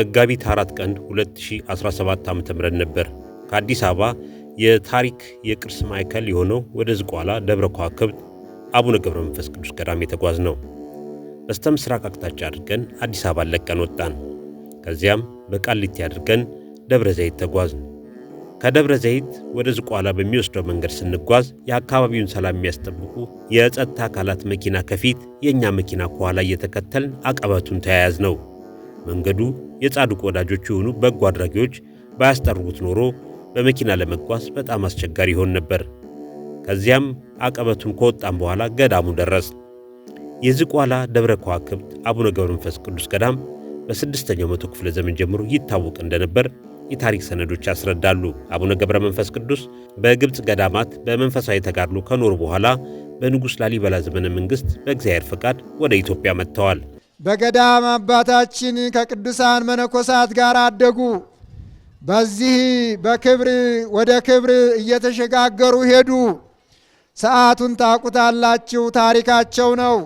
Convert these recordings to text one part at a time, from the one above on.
መጋቢት 4 ቀን 2017 ዓ ም ነበር ከአዲስ አበባ የታሪክ የቅርስ ማዕከል የሆነው ወደ ዝቋላ ደብረ ከዋክብት አቡነ ገብረ መንፈስ ቅዱስ ገዳም የተጓዝ ነው። በስተ ምስራቅ አቅጣጫ አድርገን አዲስ አበባ ለቀን ወጣን። ከዚያም በቃሊቲ አድርገን ደብረ ዘይት ተጓዝ። ከደብረ ዘይት ወደ ዝቋላ በሚወስደው መንገድ ስንጓዝ የአካባቢውን ሰላም የሚያስጠብቁ የጸጥታ አካላት መኪና ከፊት፣ የእኛ መኪና ከኋላ እየተከተልን አቀበቱን ተያያዝ ነው። መንገዱ የጻድቁ ወዳጆች የሆኑ በጎ አድራጊዎች ባያስጠርጉት ኖሮ በመኪና ለመጓዝ በጣም አስቸጋሪ ይሆን ነበር። ከዚያም አቀበቱን ከወጣም በኋላ ገዳሙ ደረስ። የዝቋላ ደብረ ከዋክብት አቡነ ገብረ መንፈስ ቅዱስ ገዳም በስድስተኛው መቶ ክፍለ ዘመን ጀምሮ ይታወቅ እንደነበር የታሪክ ሰነዶች ያስረዳሉ። አቡነ ገብረ መንፈስ ቅዱስ በግብፅ ገዳማት በመንፈሳዊ ተጋድሎ ከኖሩ በኋላ በንጉሥ ላሊበላ ዘመነ መንግሥት በእግዚአብሔር ፈቃድ ወደ ኢትዮጵያ መጥተዋል። በገዳም አባታችን ከቅዱሳን መነኮሳት ጋር አደጉ። በዚህ በክብር ወደ ክብር እየተሸጋገሩ ሄዱ። ሰዓቱን ታቁታላችሁ፣ ታሪካቸው ነው።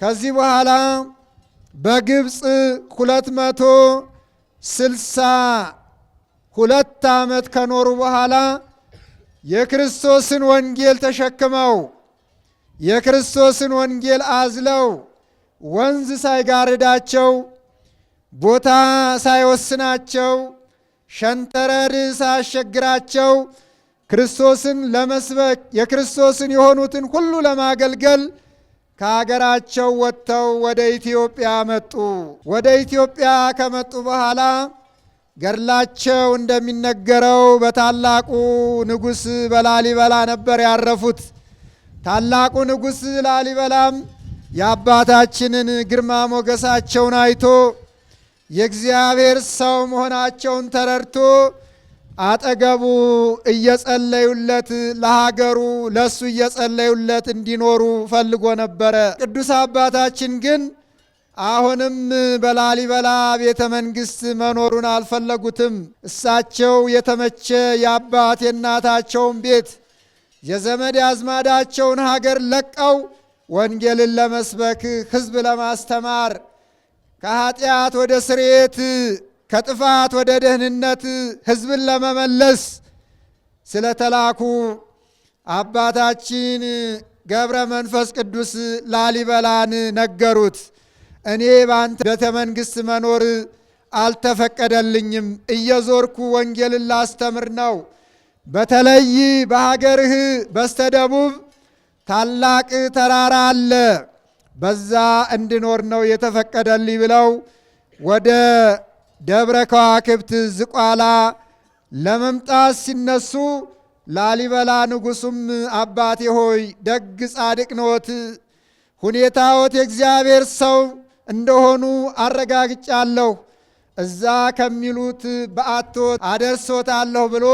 ከዚህ በኋላ በግብፅ ሁለት መቶ ስልሳ ሁለት ዓመት ከኖሩ በኋላ የክርስቶስን ወንጌል ተሸክመው የክርስቶስን ወንጌል አዝለው ወንዝ ሳይጋርዳቸው ቦታ ሳይወስናቸው ሸንተረር ሳያሸግራቸው ክርስቶስን ለመስበክ የክርስቶስን የሆኑትን ሁሉ ለማገልገል ከሀገራቸው ወጥተው ወደ ኢትዮጵያ መጡ። ወደ ኢትዮጵያ ከመጡ በኋላ ገድላቸው እንደሚነገረው በታላቁ ንጉሥ በላሊበላ ነበር ያረፉት። ታላቁ ንጉሥ ላሊበላም የአባታችንን ግርማ ሞገሳቸውን አይቶ የእግዚአብሔር ሰው መሆናቸውን ተረድቶ አጠገቡ እየጸለዩለት ለሀገሩ ለሱ እየጸለዩለት እንዲኖሩ ፈልጎ ነበረ። ቅዱስ አባታችን ግን አሁንም በላሊበላ ቤተ መንግስት መኖሩን አልፈለጉትም። እሳቸው የተመቸ የአባት የእናታቸውን ቤት የዘመድ አዝማዳቸውን ሀገር ለቀው ወንጌልን ለመስበክ ህዝብ ለማስተማር ከኃጢአት ወደ ስርየት ከጥፋት ወደ ደህንነት ህዝብን ለመመለስ ስለተላኩ አባታችን ገብረ መንፈስ ቅዱስ ላሊበላን ነገሩት። እኔ በአንተ ቤተ መንግሥት መኖር አልተፈቀደልኝም፣ እየዞርኩ ወንጌልን ላስተምር ነው። በተለይ በሀገርህ በስተደቡብ ታላቅ ተራራ አለ፣ በዛ እንድኖር ነው የተፈቀደልኝ ብለው ወደ ደብረ ከዋክብት ዝቋላ ለመምጣት ሲነሱ ላሊበላ ንጉሱም አባቴ ሆይ ደግ ጻድቅ ኖት፣ ሁኔታዎት የእግዚአብሔር ሰው እንደሆኑ አረጋግጫለሁ፣ እዛ ከሚሉት በአቶ አደርሶታለሁ ብሎ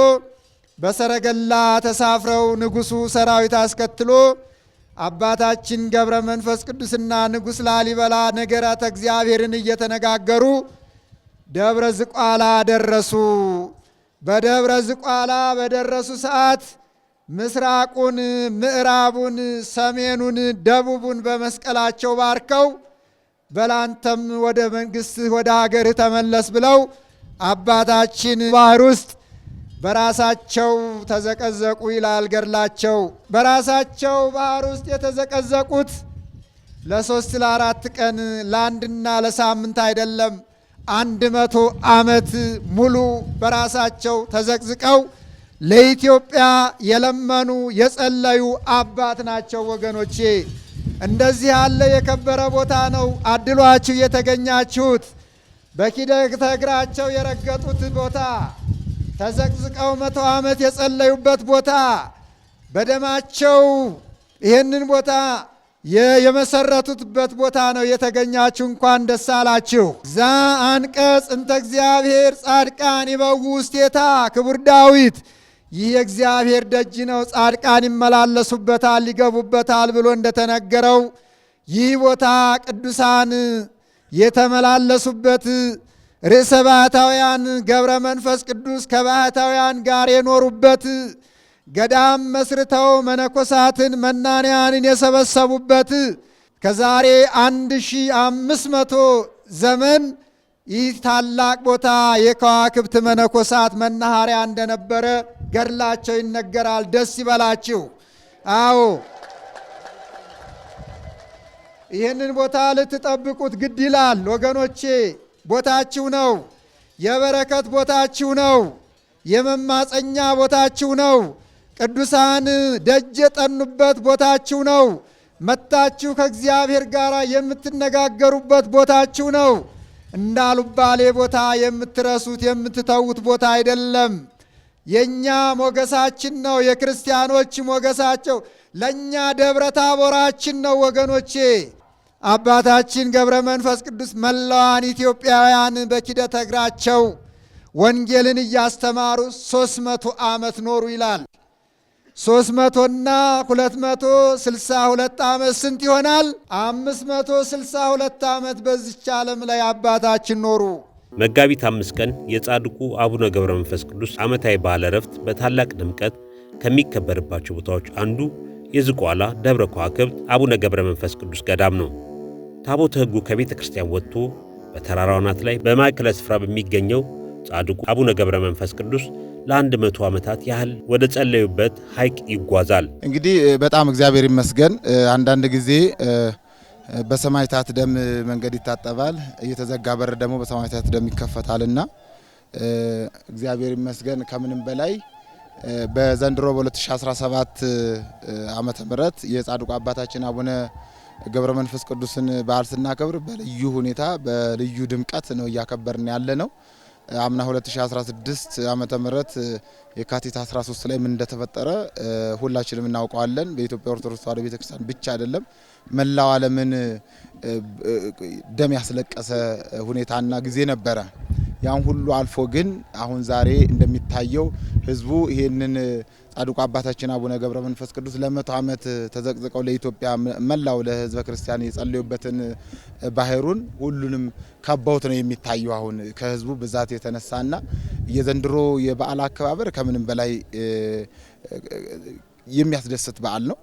በሰረገላ ተሳፍረው ንጉሱ ሰራዊት አስከትሎ አባታችን ገብረ መንፈስ ቅዱስና ንጉሥ ላሊበላ ነገረተ እግዚአብሔርን እየተነጋገሩ ደብረ ዝቋላ ደረሱ። በደብረ ዝቋላ በደረሱ ሰዓት ምስራቁን፣ ምዕራቡን፣ ሰሜኑን፣ ደቡቡን በመስቀላቸው ባርከው በላንተም ወደ መንግስት ወደ ሀገር ተመለስ ብለው አባታችን ባህር ውስጥ በራሳቸው ተዘቀዘቁ ይላል ገድላቸው። በራሳቸው ባህር ውስጥ የተዘቀዘቁት ለሶስት ለአራት ቀን ለአንድና ለሳምንት አይደለም፣ አንድ መቶ ዓመት ሙሉ በራሳቸው ተዘቅዝቀው ለኢትዮጵያ የለመኑ የጸለዩ አባት ናቸው። ወገኖቼ እንደዚህ ያለ የከበረ ቦታ ነው አድሏችሁ የተገኛችሁት። በኪደግ እግራቸው የረገጡት ቦታ ተዘቅዝቀው መቶ ዓመት የጸለዩበት ቦታ በደማቸው ይህንን ቦታ የመሰረቱትበት ቦታ ነው የተገኛችሁ። እንኳን ደስ አላችሁ። ዛ አንቀጽ እንተ እግዚአብሔር ጻድቃን ይበው ውስቴታ ክቡር ዳዊት ይህ የእግዚአብሔር ደጅ ነው፣ ጻድቃን ይመላለሱበታል፣ ይገቡበታል ብሎ እንደተነገረው ይህ ቦታ ቅዱሳን የተመላለሱበት ርዕሰ ባህታውያን ገብረ መንፈስ ቅዱስ ከባህታውያን ጋር የኖሩበት ገዳም መስርተው መነኮሳትን መናንያንን የሰበሰቡበት ከዛሬ መቶ ዘመን ይህ ታላቅ ቦታ የከዋክብት መነኮሳት መናኸሪያ እንደነበረ ገድላቸው ይነገራል። ደስ ይበላችሁ። አዎ ይህንን ቦታ ልትጠብቁት ግድ ይላል ወገኖቼ። ቦታችሁ ነው። የበረከት ቦታችሁ ነው። የመማፀኛ ቦታችሁ ነው። ቅዱሳን ደጅ የጠኑበት ቦታችሁ ነው። መታችሁ ከእግዚአብሔር ጋር የምትነጋገሩበት ቦታችሁ ነው። እንዳሉባሌ ቦታ የምትረሱት የምትተዉት ቦታ አይደለም። የእኛ ሞገሳችን ነው። የክርስቲያኖች ሞገሳቸው ለእኛ ደብረ ታቦራችን ነው ወገኖቼ። አባታችን ገብረ መንፈስ ቅዱስ መላዋን ኢትዮጵያውያን በኪደተ እግራቸው ወንጌልን እያስተማሩ ሶስት መቶ ዓመት ኖሩ ይላል። ሶስት መቶና ሁለት መቶ ስልሳ ሁለት ዓመት ስንት ይሆናል? አምስት መቶ ስልሳ ሁለት ዓመት በዚች ዓለም ላይ አባታችን ኖሩ። መጋቢት አምስት ቀን የጻድቁ አቡነ ገብረ መንፈስ ቅዱስ ዓመታዊ በዓለ ዕረፍት በታላቅ ድምቀት ከሚከበርባቸው ቦታዎች አንዱ የዝቋላ ደብረ ከዋክብት አቡነ ገብረ መንፈስ ቅዱስ ገዳም ነው። ታቦተ ሕጉ ከቤተ ክርስቲያን ወጥቶ በተራራው አናት ላይ በማዕከለ ስፍራ በሚገኘው ጻድቁ አቡነ ገብረ መንፈስ ቅዱስ ለአንድ መቶ ዓመታት ያህል ወደ ጸለዩበት ሐይቅ ይጓዛል። እንግዲህ በጣም እግዚአብሔር ይመስገን። አንዳንድ ጊዜ በሰማይታት ደም መንገድ ይታጠባል፣ እየተዘጋ በር ደግሞ በሰማይታት ደም ይከፈታልና እግዚአብሔር ይመስገን። ከምንም በላይ በዘንድሮ በ2017 ዓመተ ምህረት የጻድቁ አባታችን አቡነ ገብረ መንፈስ ቅዱስን በዓል ስናከብር በልዩ ሁኔታ በልዩ ድምቀት ነው እያከበርን ያለ ነው። አምና 2016 ዓመተ ምህረት የካቲት 13 ላይ ምን እንደተፈጠረ ሁላችንም እናውቀዋለን። በኢትዮጵያ ኦርቶዶክስ ተዋሕዶ ቤተክርስቲያን ብቻ አይደለም መላው ዓለምን ደም ያስለቀሰ ሁኔታና ጊዜ ነበረ። ያን ሁሉ አልፎ ግን አሁን ዛሬ እንደሚታየው ህዝቡ ይህንን ጻድቁ አባታችን አቡነ ገብረ መንፈስ ቅዱስ ለመቶ ዓመት ተዘቅዝቀው ለኢትዮጵያ መላው ለህዝበ ክርስቲያን የጸለዩበትን ባህሩን ሁሉንም ከበውት ነው የሚታየው። አሁን ከህዝቡ ብዛት የተነሳና የዘንድሮ የበዓል አከባበር ከምንም በላይ የሚያስደስት በዓል ነው።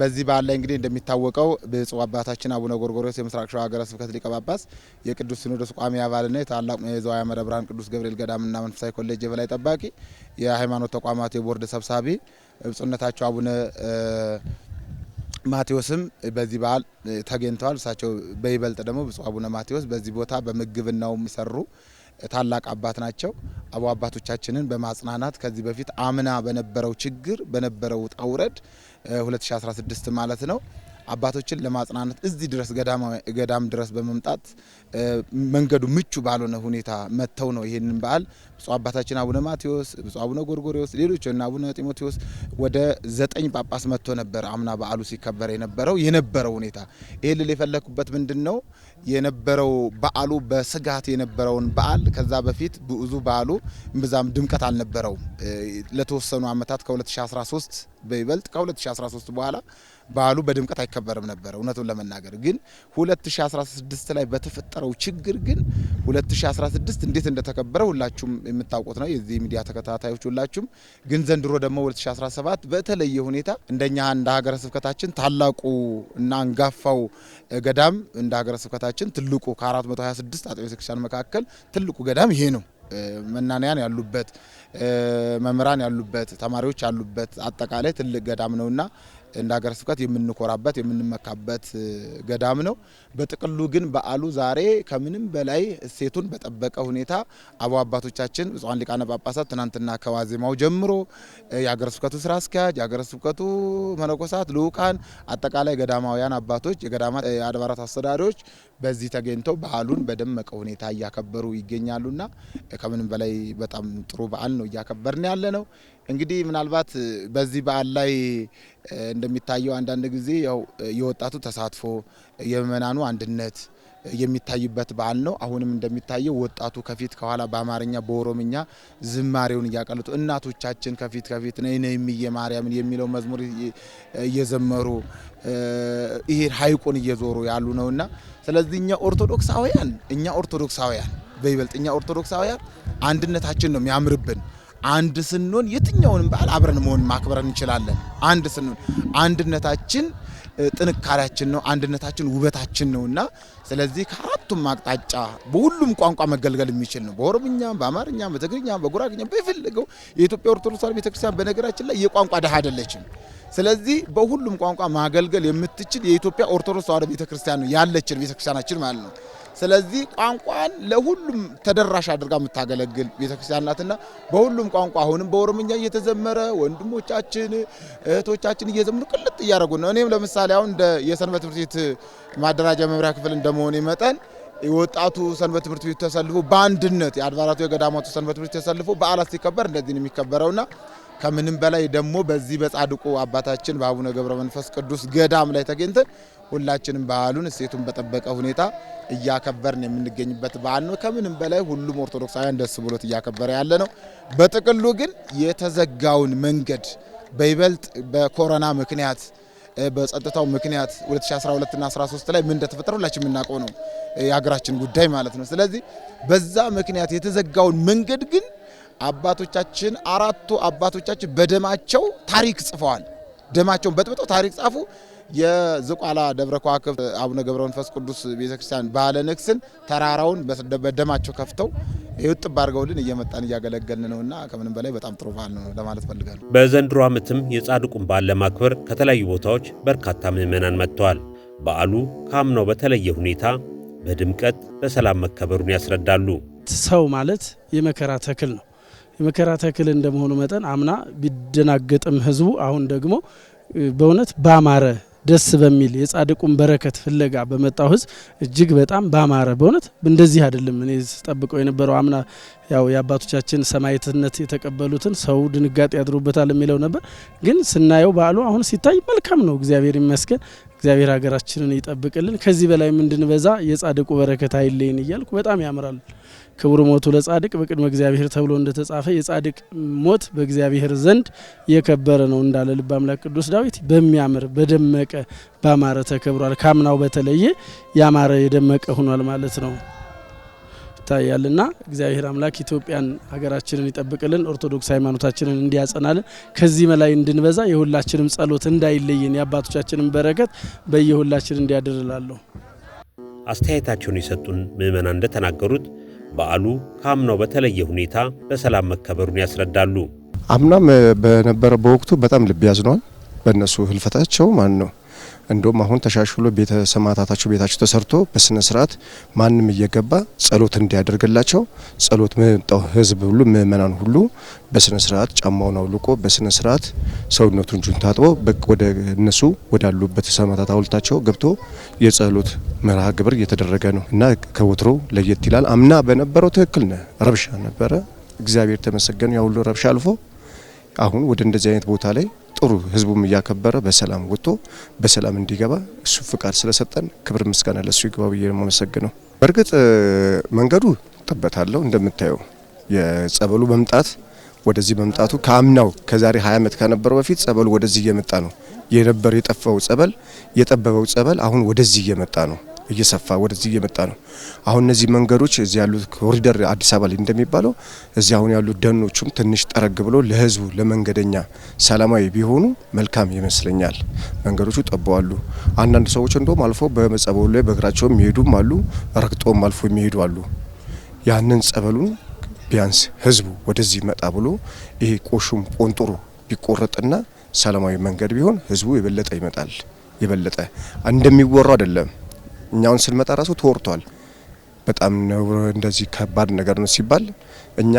በዚህ በዓል ላይ እንግዲህ እንደሚታወቀው ብፁዕ አባታችን አቡነ ጎርጎርዮስ የምስራቅ ሸዋ ሀገረ ስብከት ሊቀ ጳጳስ፣ የቅዱስ ሲኖዶስ ቋሚ አባልና የታላቁ የዘዋ መረ ብርሃን ቅዱስ ገብርኤል ገዳምና መንፈሳዊ ኮሌጅ የበላይ ጠባቂ፣ የሃይማኖት ተቋማት የቦርድ ሰብሳቢ ብፁዕነታቸው አቡነ ማቴዎስም በዚህ በዓል ተገኝተዋል። እሳቸው በይበልጥ ደግሞ ብፁዕ አቡነ ማቴዎስ በዚህ ቦታ በምግብናው የሚሰሩ ታላቅ አባት ናቸው። አቡ አባቶቻችንን በማጽናናት ከዚህ በፊት አምና በነበረው ችግር በነበረው ውጣ ውረድ 2016 ማለት ነው። አባቶችን ለማጽናናት እዚህ ድረስ ገዳም ድረስ በመምጣት መንገዱ ምቹ ባልሆነ ሁኔታ መጥተው ነው ይህንን በዓል ብፁዕ አባታችን አቡነ ማቴዎስ፣ ብፁዕ አቡነ ጎርጎሪዎስ፣ ሌሎች እና አቡነ ጢሞቴዎስ ወደ ዘጠኝ ጳጳስ መጥቶ ነበር አምና በዓሉ ሲከበር የነበረው የነበረው ሁኔታ ይህ ልል የፈለግኩበት ምንድን ነው የነበረው በዓሉ በስጋት የነበረውን በዓል ከዛ በፊት ብዙ በዓሉ እምብዛም ድምቀት አልነበረው ለተወሰኑ ዓመታት ከ2013 በይበልጥ ከ2013 በኋላ በዓሉ በድምቀት አይከበርም ነበር። እውነቱን ለመናገር ግን 2016 ላይ በተፈጠረው ችግር ግን 2016 እንዴት እንደተከበረ ሁላችሁም የምታውቁት ነው፣ የዚህ ሚዲያ ተከታታዮች ሁላችሁም። ግን ዘንድሮ ደግሞ 2017 በተለየ ሁኔታ እንደኛ እንደ ሀገረ ስብከታችን ታላቁ እና አንጋፋው ገዳም እንደ ሀገረ ስብከታችን ትልቁ ከ426 አጥቢያ ቤተክርስቲያን መካከል ትልቁ ገዳም ይሄ ነው። መናንያን ያሉበት መምህራን ያሉበት ተማሪዎች ያሉበት አጠቃላይ ትልቅ ገዳም ነውና እንደ ሀገረ ስብከት የምንኮራበት የምንመካበት ገዳም ነው። በጥቅሉ ግን በዓሉ ዛሬ ከምንም በላይ እሴቱን በጠበቀ ሁኔታ አቡ አባቶቻችን ብፁዓን ሊቃነ ጳጳሳት ትናንትና ከዋዜማው ጀምሮ የሀገረ ስብከቱ ስራ አስኪያጅ፣ የሀገረ ስብከቱ መነኮሳት፣ ልዑካን፣ አጠቃላይ ገዳማውያን አባቶች፣ የገዳማት አድባራት አስተዳዳሪዎች በዚህ ተገኝተው በዓሉን በደመቀ ሁኔታ እያከበሩ ይገኛሉና ከምንም በላይ በጣም ጥሩ በዓል ነው እያከበርን ያለ ነው። እንግዲህ ምናልባት በዚህ በዓል ላይ እንደሚታየው አንዳንድ ጊዜ ያው የወጣቱ ተሳትፎ የምእመናኑ አንድነት የሚታይበት በዓል ነው። አሁንም እንደሚታየው ወጣቱ ከፊት ከኋላ በአማርኛ በኦሮምኛ ዝማሬውን እያቀለጡ እናቶቻችን ከፊት ከፊት ነይ ነይ እምዬ ማርያምን የሚለው መዝሙር እየዘመሩ ይሄ ሀይቁን እየዞሩ ያሉ ነውና ስለዚህ እኛ ኦርቶዶክሳውያን እኛ ኦርቶዶክሳውያን በይበልጥ እኛ ኦርቶዶክሳውያን አንድነታችን ነው የሚያምርብን። አንድ ስንሆን የትኛውንም በዓል አብረን መሆን ማክበር እንችላለን። አንድ ስንሆን አንድነታችን ጥንካሬያችን ነው። አንድነታችን ውበታችን ነውና ስለዚህ ከአራቱም አቅጣጫ በሁሉም ቋንቋ መገልገል የሚችል ነው። በኦሮምኛም፣ በአማርኛም፣ በትግርኛም፣ በጉራግኛም በፈለገው የኢትዮጵያ ኦርቶዶክስ ቤተክርስቲያን በነገራችን ላይ የቋንቋ ድሃ አይደለችም። ስለዚህ በሁሉም ቋንቋ ማገልገል የምትችል የኢትዮጵያ ኦርቶዶክስ ተዋህዶ ቤተክርስቲያን ነው ያለችን ቤተክርስቲያናችን ማለት ነው። ስለዚህ ቋንቋን ለሁሉም ተደራሽ አድርጋ የምታገለግል ቤተክርስቲያን ናትና በሁሉም ቋንቋ አሁንም በኦሮምኛ እየተዘመረ ወንድሞቻችን እህቶቻችን እየዘምሩ ቅልጥ እያደረጉ ነው። እኔም ለምሳሌ አሁን እንደ የሰንበት ትምህርት ቤት ማደራጃ መምሪያ ክፍል እንደመሆኔ መጠን የወጣቱ ሰንበት ትምህርት ቤቱ ተሰልፎ በአንድነት የአድባራቱ የገዳማቱ ሰንበት ትምህርት ተሰልፎ በዓላት ሲከበር እንደዚህ ነው የሚከበረውና ከምንም በላይ ደግሞ በዚህ በጻድቁ አባታችን በአቡነ ገብረ መንፈስ ቅዱስ ገዳም ላይ ተገኝተን ሁላችንም ባህሉን እሴቱን በጠበቀ ሁኔታ እያከበርን የምንገኝበት በዓል ነው። ከምንም በላይ ሁሉም ኦርቶዶክሳውያን ደስ ብሎት እያከበረ ያለ ነው። በጥቅሉ ግን የተዘጋውን መንገድ በይበልጥ በኮሮና ምክንያት በጸጥታው ምክንያት 2012 እና 13 ላይ ምን እንደተፈጠረ ሁላችን የምናውቀው ነው፣ የሀገራችን ጉዳይ ማለት ነው። ስለዚህ በዛ ምክንያት የተዘጋውን መንገድ ግን አባቶቻችን አራቱ አባቶቻችን በደማቸው ታሪክ ጽፈዋል። ደማቸውን በጥብጠው ታሪክ ጻፉ። የዝቋላ ደብረ ከዋክብት አቡነ ገብረ መንፈስ ቅዱስ ቤተክርስቲያን ባህለ ንግስን ተራራውን በደማቸው ከፍተው የውጥብ አድርገውልን እየመጣን እያገለገልን ነውና ከምንም በላይ በጣም ጥሩ በዓል ነው ለማለት ፈልጋለሁ። በዘንድሮ ዓመትም የጻድቁን በዓል ለማክበር ከተለያዩ ቦታዎች በርካታ ምዕመናን መጥተዋል። በዓሉ ከአምናው በተለየ ሁኔታ በድምቀት በሰላም መከበሩን ያስረዳሉ። ሰው ማለት የመከራ ተክል ነው። የመከራ ተክል እንደመሆኑ መጠን አምና ቢደናገጥም ህዝቡ አሁን ደግሞ በእውነት ባማረ ደስ በሚል የጻድቁን በረከት ፍለጋ በመጣው ህዝብ እጅግ በጣም ባማረ በእውነት እንደዚህ አይደለም እኔ ጠብቀው የነበረው አምና ያው የአባቶቻችን ሰማዕትነት የተቀበሉትን ሰው ድንጋጤ ያድሩበታል የሚለው ነበር። ግን ስናየው በዓሉ አሁን ሲታይ መልካም ነው። እግዚአብሔር ይመስገን። እግዚአብሔር ሀገራችንን ይጠብቅልን፣ ከዚህ በላይም እንድንበዛ የጻድቁ በረከት አይለይን እያልኩ በጣም ያምራል። ክቡር ሞቱ ለጻድቅ በቅድመ እግዚአብሔር ተብሎ እንደተጻፈ የጻድቅ ሞት በእግዚአብሔር ዘንድ የከበረ ነው እንዳለ ልበ አምላክ ቅዱስ ዳዊት በሚያምር በደመቀ ባማረ ተከብሯል። ካምናው በተለየ ያማረ የደመቀ ሆኗል ማለት ነው። ይታያልና እግዚአብሔር አምላክ ኢትዮጵያን ሀገራችንን ይጠብቅልን፣ ኦርቶዶክስ ሃይማኖታችንን እንዲያጸናልን፣ ከዚህ በላይ እንድንበዛ የሁላችንም ጸሎት እንዳይለየን፣ የአባቶቻችንን በረከት በየሁላችን እንዲያድርላለሁ። አስተያየታቸውን የሰጡን ምዕመናን እንደተናገሩት በዓሉ ከአምናው በተለየ ሁኔታ በሰላም መከበሩን ያስረዳሉ። አምናም በነበረ በወቅቱ በጣም ልብ ያዝኗል በእነሱ ህልፈታቸው ማን ነው እንደውም አሁን ተሻሽሎ ቤተ ሰማዕታታቸው ቤታቸው ተሰርቶ በስነ ስርዓት ማንም እየገባ ጸሎት እንዲያደርግላቸው ጸሎት መጣው ህዝብ ሁሉ ምእመናን ሁሉ በስነ ስርዓት ጫማውን አውልቆ በስነ ስርዓት ሰውነቱን እጁን ታጥቦ ወደ እነሱ ወዳሉበት ሰማዕታት ሐውልታቸው ገብቶ የጸሎት መርሃ ግብር እየተደረገ ነው እና ከወትሮ ለየት ይላል። አምና በነበረው ትክክል ነ ረብሻ ነበረ። እግዚአብሔር ተመሰገነ። ያሁሉ ረብሻ አልፎ አሁን ወደ እንደዚህ አይነት ቦታ ላይ ጥሩ ህዝቡም እያከበረ በሰላም ወጥቶ በሰላም እንዲገባ እሱ ፍቃድ ስለሰጠን ክብር ምስጋና ለሱ ይግባ ብዬ ነው የማመሰግነው። በእርግጥ መንገዱ ጥበት አለው። እንደምታየው የጸበሉ መምጣት ወደዚህ መምጣቱ ከአምናው ከዛሬ 20 ዓመት ከነበረው በፊት ጸበሉ ወደዚህ እየመጣ ነው የነበረ የጠፋው ጸበል የጠበበው ጸበል አሁን ወደዚህ እየመጣ ነው። እየሰፋ ወደዚህ እየመጣ ነው። አሁን እነዚህ መንገዶች እዚህ ያሉት ኮሪደር አዲስ አበባ ላይ እንደሚባለው እዚህ አሁን ያሉት ደኖቹም ትንሽ ጠረግ ብሎ ለህዝቡ ለመንገደኛ ሰላማዊ ቢሆኑ መልካም ይመስለኛል። መንገዶቹ ጠበዋሉ። አንዳንድ ሰዎች እንደም አልፎ በመጸበሉ ላይ በእግራቸው የሚሄዱም አሉ፣ ረግጦም አልፎ የሚሄዱ አሉ። ያንን ጸበሉን ቢያንስ ህዝቡ ወደዚህ መጣ ብሎ ይሄ ቆሹም ቆንጥሮ ቢቆረጥና ሰላማዊ መንገድ ቢሆን ህዝቡ የበለጠ ይመጣል። የበለጠ እንደሚወራው አይደለም። እኛውን ስንመጣ ራሱ ተወርቷል። በጣም ነው እንደዚህ ከባድ ነገር ነው ሲባል እኛ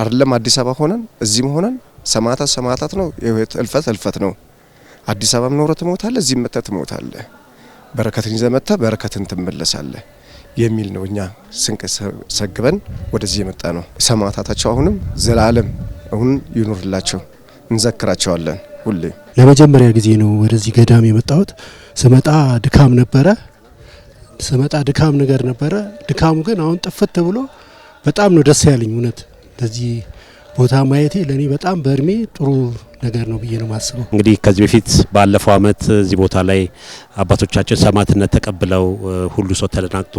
አይደለም አዲስ አበባ ሆነን እዚህም ሆነን ሰማዕታት ሰማዕታት ነው፣ የህይወት እልፈት እልፈት ነው። አዲስ አበባም ኖረ ትሞታለህ፣ እዚህም መጥተህ ትሞታለህ፣ በረከትን ይዘህ መጥተህ በረከትን ትመለሳለህ የሚል ነው። እኛ ስንቅ ሰግበን ወደዚህ የመጣ ነው። ሰማዕታታቸው አሁንም ዘላለም አሁን ይኖርላቸው፣ እንዘክራቸዋለን ሁሌ። ለመጀመሪያ ጊዜ ነው ወደዚህ ገዳም የመጣሁት። ስመጣ ድካም ነበረ ስመጣ ድካም ነገር ነበረ። ድካሙ ግን አሁን ጥፍት ብሎ በጣም ነው ደስ ያለኝ። እውነት ለዚህ ቦታ ማየቴ ለእኔ በጣም በእድሜ ጥሩ ነገር ነው ብዬ ነው ማስበው። እንግዲህ ከዚህ በፊት ባለፈው አመት እዚህ ቦታ ላይ አባቶቻችን ሰማዕትነት ተቀብለው ሁሉ ሰው ተደናግጦ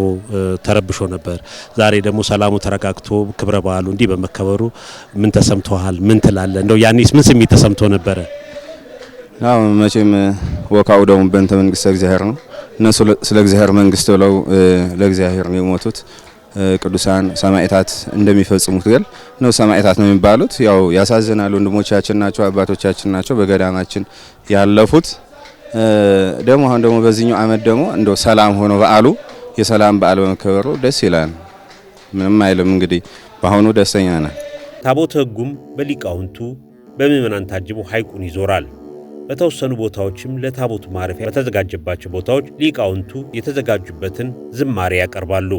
ተረብሾ ነበር። ዛሬ ደግሞ ሰላሙ ተረጋግቶ ክብረ በዓሉ እንዲህ በመከበሩ ምን ተሰምተዋል? ምን ትላለ? እንደው ያኔስ ምን ስሜት ተሰምቶ ነበረ? መቼም ወካው ደግሞ በእንተ መንግስተ እግዚአብሔር ነው እነሱ ስለ እግዚአብሔር መንግስት ብለው ለእግዚአብሔር ነው የሞቱት። ቅዱሳን ሰማዕታት እንደሚፈጽሙት ገል ነው ሰማዕታት ነው የሚባሉት። ያው ያሳዝናል። ወንድሞቻችን ናቸው፣ አባቶቻችን ናቸው በገዳማችን ያለፉት። ደግሞ አሁን ደግሞ በዚህኛው አመት ደግሞ እንደው ሰላም ሆኖ በዓሉ የሰላም በዓል በመከበሩ ደስ ይላል። ምንም አይልም እንግዲህ በአሁኑ ደስተኛ ነን። ታቦተ ሕጉም በሊቃውንቱ በምዕመናን ታጅቦ ሐይቁን ይዞራል። በተወሰኑ ቦታዎችም ለታቦት ማረፊያ በተዘጋጀባቸው ቦታዎች ሊቃውንቱ የተዘጋጁበትን ዝማሬ ያቀርባሉ።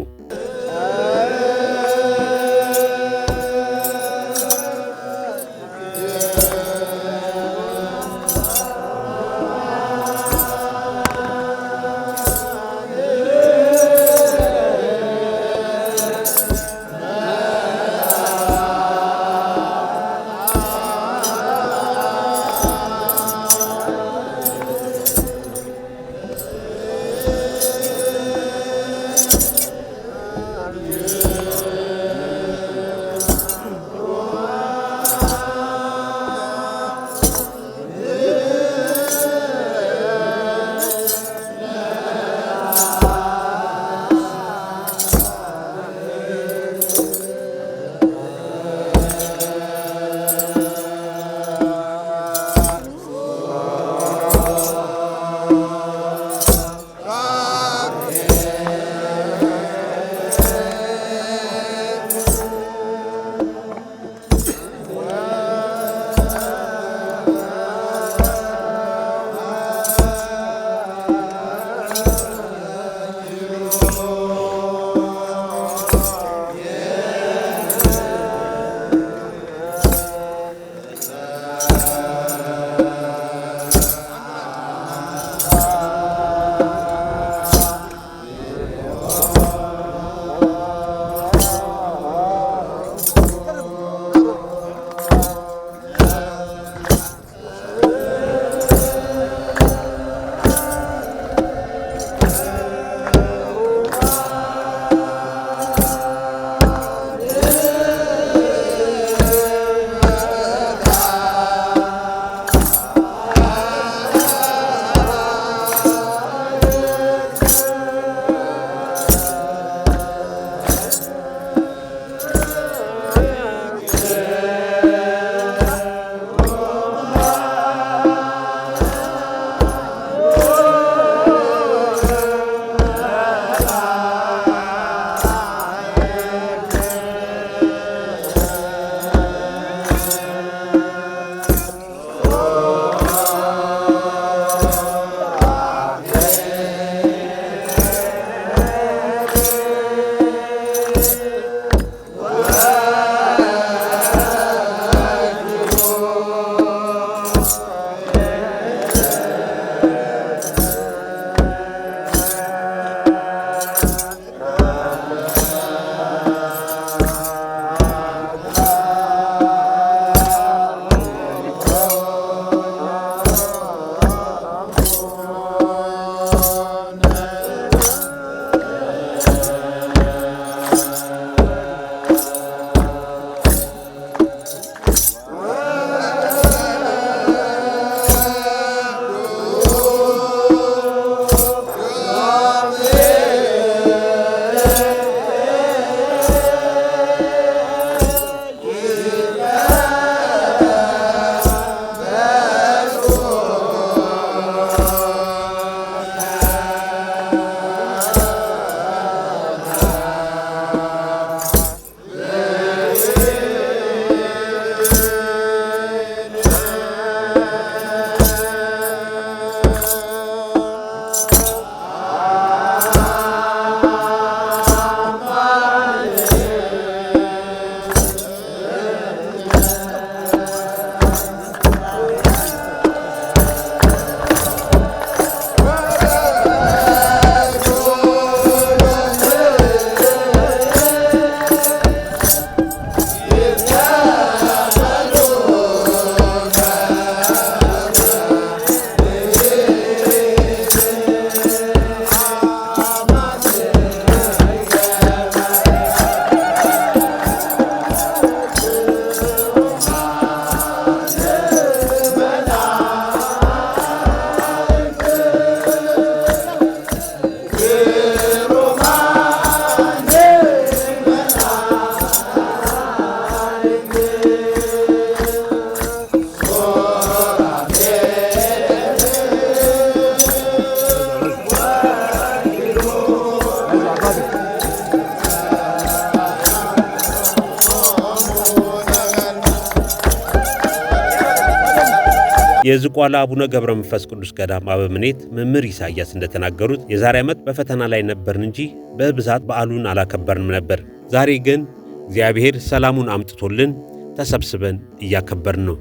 የዝቋላ አቡነ ገብረ መንፈስ ቅዱስ ገዳም አበምኔት መምህር ኢሳያስ እንደተናገሩት የዛሬ ዓመት በፈተና ላይ ነበርን እንጂ በብዛት በዓሉን አላከበርንም ነበር። ዛሬ ግን እግዚአብሔር ሰላሙን አምጥቶልን ተሰብስበን እያከበርን ነው።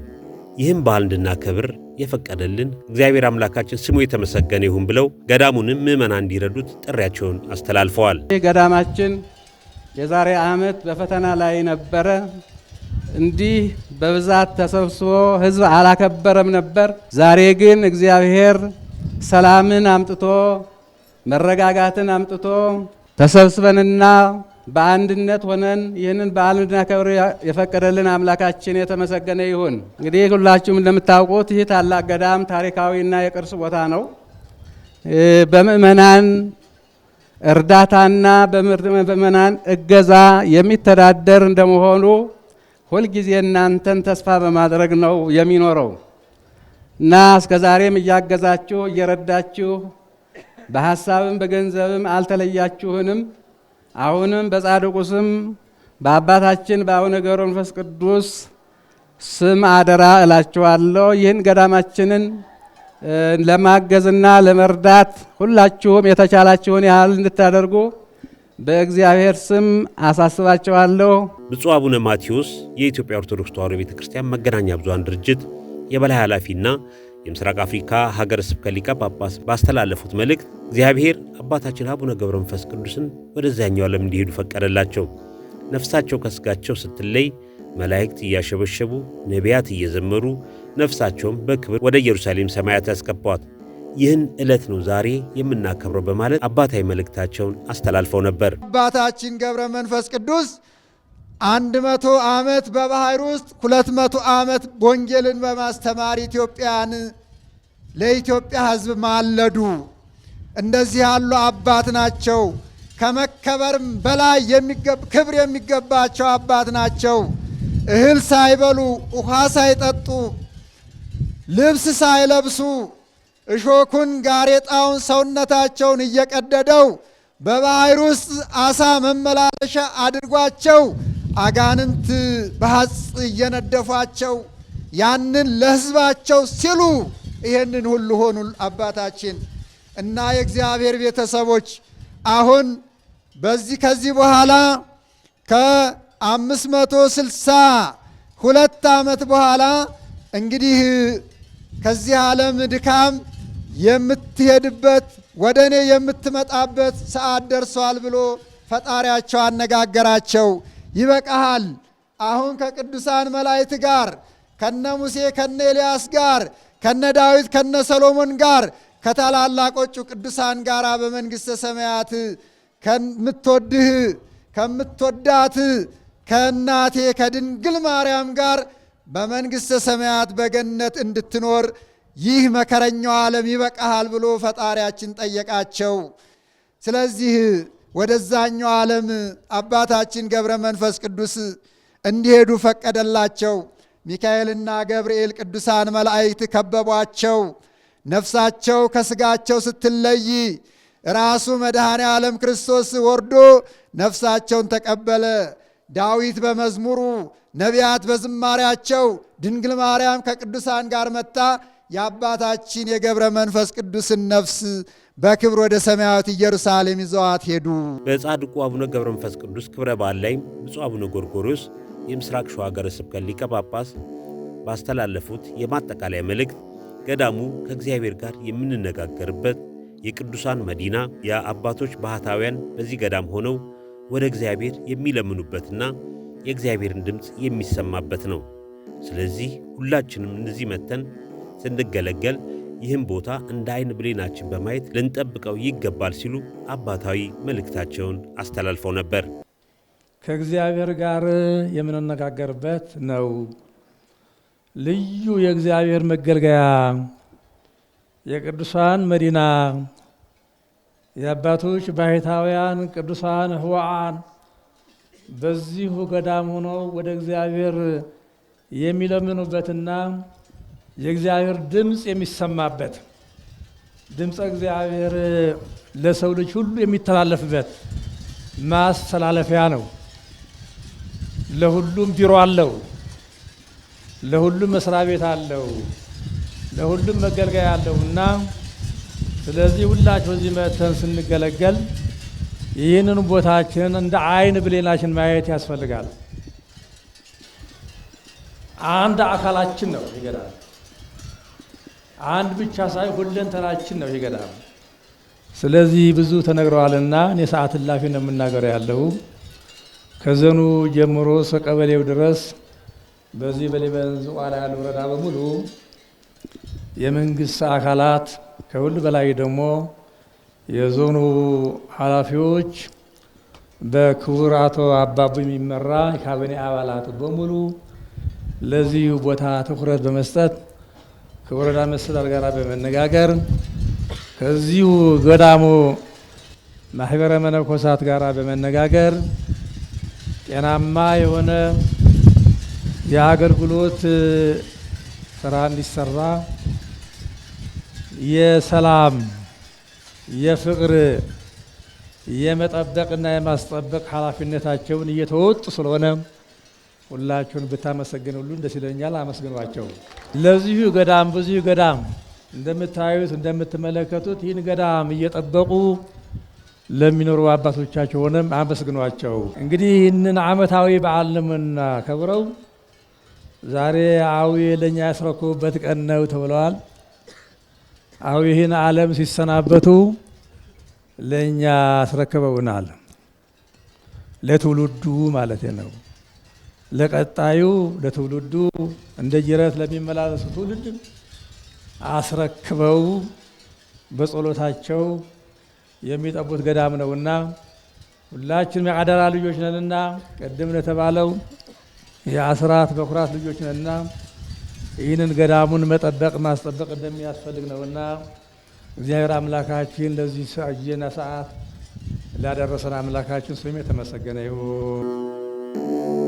ይህም በዓል እንድናከብር የፈቀደልን እግዚአብሔር አምላካችን ስሙ የተመሰገነ ይሁን ብለው ገዳሙንም ምእመና እንዲረዱት ጥሪያቸውን አስተላልፈዋል። ገዳማችን የዛሬ ዓመት በፈተና ላይ ነበረ እንዲህ በብዛት ተሰብስቦ ህዝብ አላከበረም ነበር። ዛሬ ግን እግዚአብሔር ሰላምን አምጥቶ መረጋጋትን አምጥቶ ተሰብስበንና በአንድነት ሆነን ይህንን በዓል እንድናከብር የፈቀደልን አምላካችን የተመሰገነ ይሁን። እንግዲህ ሁላችሁም እንደምታውቁት ይህ ታላቅ ገዳም ታሪካዊና የቅርስ ቦታ ነው። በምእመናን እርዳታና በምእመናን እገዛ የሚተዳደር እንደመሆኑ ሁልጊዜ እናንተን ተስፋ በማድረግ ነው የሚኖረው እና እስከ ዛሬም እያገዛችሁ እየረዳችሁ በሀሳብም በገንዘብም አልተለያችሁንም። አሁንም በጻድቁ ስም በአባታችን በአቡነ ገብረ መንፈስ ቅዱስ ስም አደራ እላችኋለሁ። ይህን ገዳማችንን ለማገዝና ለመርዳት ሁላችሁም የተቻላችሁን ያህል እንድታደርጉ በእግዚአብሔር ስም አሳስባቸዋለሁ። ብፁዕ አቡነ ማቴዎስ የኢትዮጵያ ኦርቶዶክስ ተዋሕዶ ቤተ ክርስቲያን መገናኛ ብዙኃን ድርጅት የበላይ ኃላፊና የምስራቅ አፍሪካ ሀገረ ስብከት ሊቀ ጳጳስ ባስተላለፉት መልእክት እግዚአብሔር አባታችን አቡነ ገብረ መንፈስ ቅዱስን ወደዚያኛው ዓለም እንዲሄዱ ፈቀደላቸው። ነፍሳቸው ከስጋቸው ስትለይ መላእክት እያሸበሸቡ ነቢያት እየዘመሩ ነፍሳቸውም በክብር ወደ ኢየሩሳሌም ሰማያት ያስገባዋት። ይህን ዕለት ነው ዛሬ የምናከብረው በማለት አባታዊ መልእክታቸውን አስተላልፈው ነበር። አባታችን ገብረ መንፈስ ቅዱስ አንድ መቶ ዓመት በባህር ውስጥ ሁለት መቶ ዓመት ወንጌልን በማስተማር ኢትዮጵያን ለኢትዮጵያ ሕዝብ ማለዱ። እንደዚህ ያሉ አባት ናቸው። ከመከበርም በላይ ክብር የሚገባቸው አባት ናቸው። እህል ሳይበሉ ውሃ ሳይጠጡ ልብስ ሳይለብሱ እሾኩን ጋሬጣውን ሰውነታቸውን እየቀደደው በባህር ውስጥ አሳ መመላለሻ አድርጓቸው አጋንንት በሐጽ እየነደፏቸው ያንን ለሕዝባቸው ሲሉ ይሄንን ሁሉ ሆኑ። አባታችን እና የእግዚአብሔር ቤተሰቦች አሁን በዚህ ከዚህ በኋላ ከአምስት መቶ ስልሳ ሁለት ዓመት በኋላ እንግዲህ ከዚህ ዓለም ድካም የምትሄድበት ወደ እኔ የምትመጣበት ሰዓት ደርሷል ብሎ ፈጣሪያቸው አነጋገራቸው። ይበቃሃል፣ አሁን ከቅዱሳን መላእክት ጋር ከነ ሙሴ ከነ ኤልያስ ጋር ከነ ዳዊት ከነ ሰሎሞን ጋር ከታላላቆቹ ቅዱሳን ጋር በመንግሥተ ሰማያት ከምትወድህ ከምትወዳት ከእናቴ ከድንግል ማርያም ጋር በመንግሥተ ሰማያት በገነት እንድትኖር ይህ መከረኛው ዓለም ይበቃሃል ብሎ ፈጣሪያችን ጠየቃቸው። ስለዚህ ወደዛኛው ዓለም አባታችን ገብረ መንፈስ ቅዱስ እንዲሄዱ ፈቀደላቸው። ሚካኤልና ገብርኤል ቅዱሳን መላእክት ከበቧቸው። ነፍሳቸው ከስጋቸው ስትለይ ራሱ መድኃኔ ዓለም ክርስቶስ ወርዶ ነፍሳቸውን ተቀበለ። ዳዊት በመዝሙሩ ነቢያት በዝማሪያቸው ድንግል ማርያም ከቅዱሳን ጋር መታ የአባታችን የገብረ መንፈስ ቅዱስን ነፍስ በክብር ወደ ሰማያዊት ኢየሩሳሌም ይዘዋት ሄዱ። በጻድቁ አቡነ ገብረ መንፈስ ቅዱስ ክብረ በዓል ላይ ብፁዕ አቡነ ጎርጎሪዎስ የምስራቅ ሸዋ ሀገረ ስብከት ሊቀ ጳጳስ ባስተላለፉት የማጠቃለያ መልእክት ገዳሙ ከእግዚአብሔር ጋር የምንነጋገርበት የቅዱሳን መዲና፣ የአባቶች ባህታውያን በዚህ ገዳም ሆነው ወደ እግዚአብሔር የሚለምኑበትና የእግዚአብሔርን ድምፅ የሚሰማበት ነው። ስለዚህ ሁላችንም እነዚህ መተን ስንገለገል ይህም ቦታ እንደ አይን ብሌናችን በማየት ልንጠብቀው ይገባል ሲሉ አባታዊ መልእክታቸውን አስተላልፈው ነበር። ከእግዚአብሔር ጋር የምንነጋገርበት ነው። ልዩ የእግዚአብሔር መገልገያ የቅዱሳን መዲና የአባቶች ባህታውያን ቅዱሳን ህዋዓን በዚሁ ገዳም ሆነው ወደ እግዚአብሔር የሚለምኑበትና የእግዚአብሔር ድምፅ የሚሰማበት ድምፀ እግዚአብሔር ለሰው ልጅ ሁሉ የሚተላለፍበት ማስተላለፊያ ነው። ለሁሉም ቢሮ አለው። ለሁሉም መስሪያ ቤት አለው። ለሁሉም መገልገያ አለው እና ስለዚህ ሁላችሁ በዚህ መተን ስንገለገል ይህንን ቦታችን እንደ አይን ብሌናችን ማየት ያስፈልጋል። አንድ አካላችን ነው ይገዳል አንድ ብቻ ሳይ ሁለንተናችን ነው ይሄ ገዳም። ስለዚህ ብዙ ተነግረዋልና እኔ ሰዓት እላፊ ነው የምናገረው ያለው ከዘኑ ጀምሮ ሰቀበሌው ድረስ በዚህ በሊበን ዋላ ያለ ወረዳ በሙሉ የመንግስት አካላት ከሁሉ በላይ ደግሞ የዞኑ ኃላፊዎች በክቡር አቶ አባቡ የሚመራ የካቢኔ አባላት በሙሉ ለዚሁ ቦታ ትኩረት በመስጠት ከወረዳ መስተዳድር ጋር በመነጋገር ከዚሁ ገዳሙ ማህበረ መነኮሳት ጋር በመነጋገር ጤናማ የሆነ የአገልግሎት ስራ እንዲሰራ የሰላም የፍቅር የመጠበቅና የማስጠበቅ ኃላፊነታቸውን እየተወጡ ስለሆነ ሁላችሁን ሁሉ ደስ ይለኛል። አመስግኗቸው። ለዚሁ ገዳም በዚሁ ገዳም እንደምታዩት እንደምትመለከቱት ይህን ገዳም እየጠበቁ ለሚኖሩ አባቶቻቸው ሆነም አመስግኗቸው። እንግዲህ ይህንን ዓመታዊ በዓል ነውና ከብረው ዛሬ አዊ ለእኛ ያስረክቡበት ቀን ነው ተብለዋል። አዊ ይህን ዓለም ሲሰናበቱ ለእኛ ያስረክበውናል፣ ለትውልዱ ማለት ነው። ለቀጣዩ ለትውልዱ እንደ ጅረት ለሚመላለሱ ትውልድ አስረክበው በጸሎታቸው የሚጠቡት ገዳም ነውና ሁላችንም የአደራ ልጆች ነንና ቅድም ለተባለው የአስራት በኩራት ልጆች ነንና ይህንን ገዳሙን መጠበቅ ማስጠበቅ እንደሚያስፈልግ ነውና እግዚአብሔር አምላካችን ለዚህ ሰዓትና ሰዓት ላደረሰን አምላካችን ስም የተመሰገነ ይሁን።